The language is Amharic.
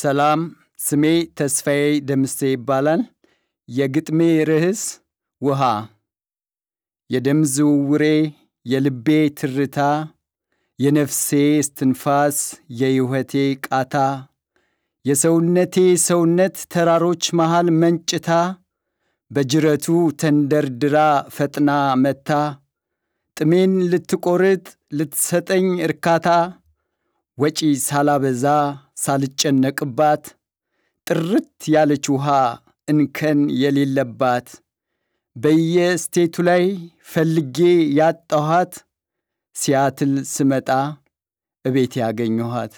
ሰላም፣ ስሜ ተስፋዬ ደምሴ ይባላል። የግጥሜ ርዕስ ውሃ፣ የደም ዝውውሬ፣ የልቤ ትርታ፣ የነፍሴ እስትንፋስ፣ የሕይወቴ ቃታ፣ የሰውነቴ ሰውነት ተራሮች መሃል መንጭታ፣ በጅረቱ ተንደርድራ ፈጥና መታ፣ ጥሜን ልትቆርጥ ልትሰጠኝ እርካታ ወጪ ሳላበዛ ሳልጨነቅባት ጥርት ያለች ውሃ እንከን የሌለባት በየስቴቱ ላይ ፈልጌ ያጣኋት ሲያትል ስመጣ እቤት ያገኘኋት